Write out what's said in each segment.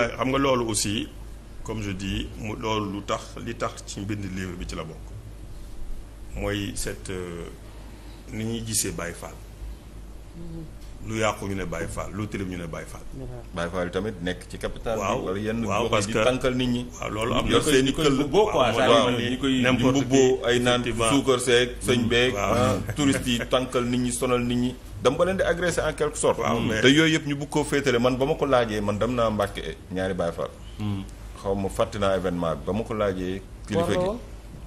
Euh, xam nga loolu aussi comme je dis mu loolu lu tax li tax ci mbind livre bi ci la bokk mooy cette euh, ni ñuy gisee Baye Fall. lu yàqu ñu ne Baye Fall lu tëlim ñu ne Baye Fall. Baye Fall tamit nekk ci capital. waaw waaw yenn gox nit ñi. waaw i këll. mbubboo ay naan suukar seeg sëñ mm-hmm. beeg. waaw ah, yi tànkal nit ñi sonal nit ñi. dama ba leen di agressé en quelque sorte. te yooyu yëpp ñu bëgg koo féetale man ba ma ko laajee man dem naa Mbàkke ñaari Baay hmm. xaw ma fàtte naa événement bi ba ma ko laajee. kilifa gi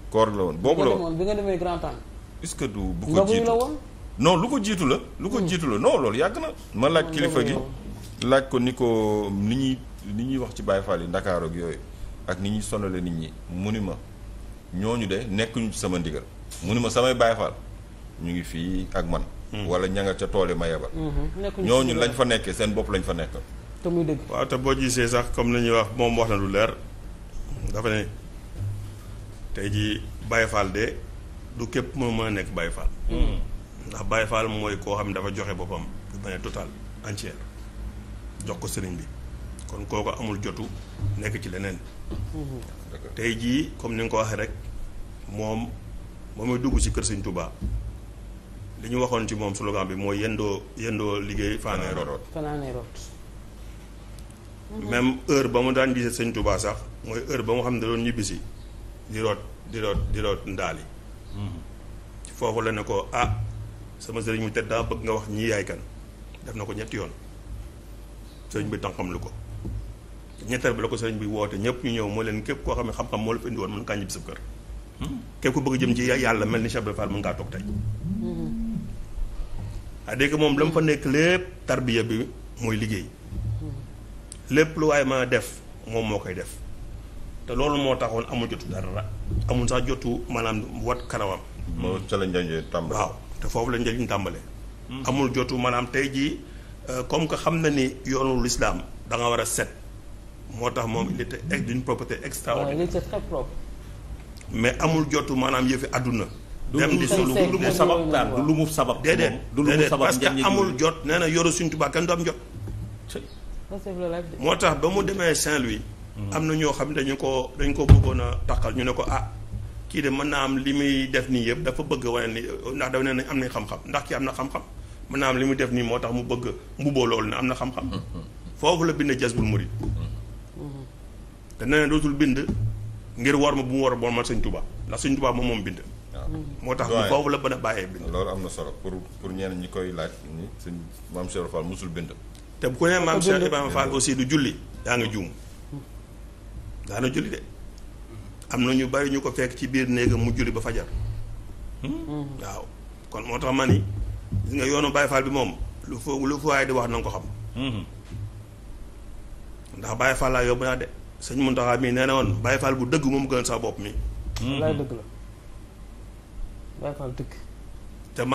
koor la woon boobu la woon bi nga demee Grand Anne. est que du bu ko jiitu non lu ko jiitu la. lu ko hmm. jiitu la non loolu yàgg na. ma laaj hmm. kilifa gi laaj ko ni ko ni ñuy ni ñuy wax ci Baay Faal yi Ndakaaru yooyu ak ni ñuy sonale nit ñi mu ni ma ñooñu de nekkuñu ci sama ndigal mu ni ma samay Baay ñu ngi fii ak man. Mm-hmm. wala ña nga ca tool yi ma yebal. ñooñu lañ fa nekkee seen bopp lañ fa nekk. te muy dëgg. waaw boo jiisee sax comme li ñuy wax moom wax na lu leer dafa ne tey jii Baye de du képp mu mën a nekk Baye Fall. Mm-hmm. ndax Baye mooy koo xam ne dafa joxe boppam ba ne total entière jox ko sëriñ bi kon kooku amul jotu nekk ci leneen. Mm-hmm. tey jii comme ni nga ko waxee rek moom moom dugg ci kër sëñ Touba. li ñu waxoon ci moom slogan bi mooy yendoo yendoo liggéey fanaanay root fanaanay root même heure ba mu daan gisee sëñ Touba sax mooy heure ba mu xam ne da doon ñibbisi di root di root di root ndaali hmm. foofu la ne ko ah sama sëriñ mu tedd daa bëgg nga wax ñii yaay kan def na ko ñetti yoon sëriñ bi tànqam lu ko ñetteel bi la ko sëriñ bi woote ñëpp ñu ñëw moo leen képp koo xam ne xam-xam moo la fi indi woon mën hmm. bëgg jëm ci yàlla mel ni Cheikh Ibra Fall mën ngaa toog tey hmm. cest à moom la mu fa nekk lépp tarbiya bi mooy liggéey lépp lu waay a def moom moo koy def te loolu moo taxoon amul jotu dara amul sax jotu maanaam wat kanamam. moo ca la te foofu la njëriñ tàmbale. Hmm. amul jotu maanaam tey jii euh, comme que xam na ni yoonu lislaam da nga war a set moo tax moom il était d'une propreté extraordinaire. mais amul jotu maanaam yëfi àdduna. dem di solu du lu mu sabab daal du lu mu sabab déedéet du lu mu sabab parce que amul jot nee na yoru suñ tubaab kenn du am jot moo tax ba mu demee Saint-Louis am na ñoo xam ne dañu ko dañ ko bëggoon a taqal ñu ne ko ah kii de mën naa am li muy def nii yëpp dafa bëgg wane ni ndax dafa ne nañ am nañ xam-xam ndax kii am na xam-xam mën naa am li muy def nii moo tax mu bëgg mbuboo loolu ne am na xam-xam foofu la bind Jazbul Murid mm-hmm. te nee na dootul bind ngir war ma bu mu war a bon man sëñ Tuubaa ndax sëñ Tuubaa moom moom bind moo tax ñu foofu la mën bàyyee bind loolu am na solo pour pour ñeneen ñi koy laaj ni suñ maam Cheikh Fall musul bind aussi du julli daa nga juum daana na ñu bari ñu ko fekk ci biir néegam mu julli ba fajar hmm. moo tax ma ni nga yoonu Baye Fall bi moom lu foog lu waaye di wax na ko xam hmm. ndax Baye Fall laa yóbbu naa de sëñ Mountakha mii nee na woon Baye Fall bu dëgg moom gën sa bopp mi. Baye Fall dëgg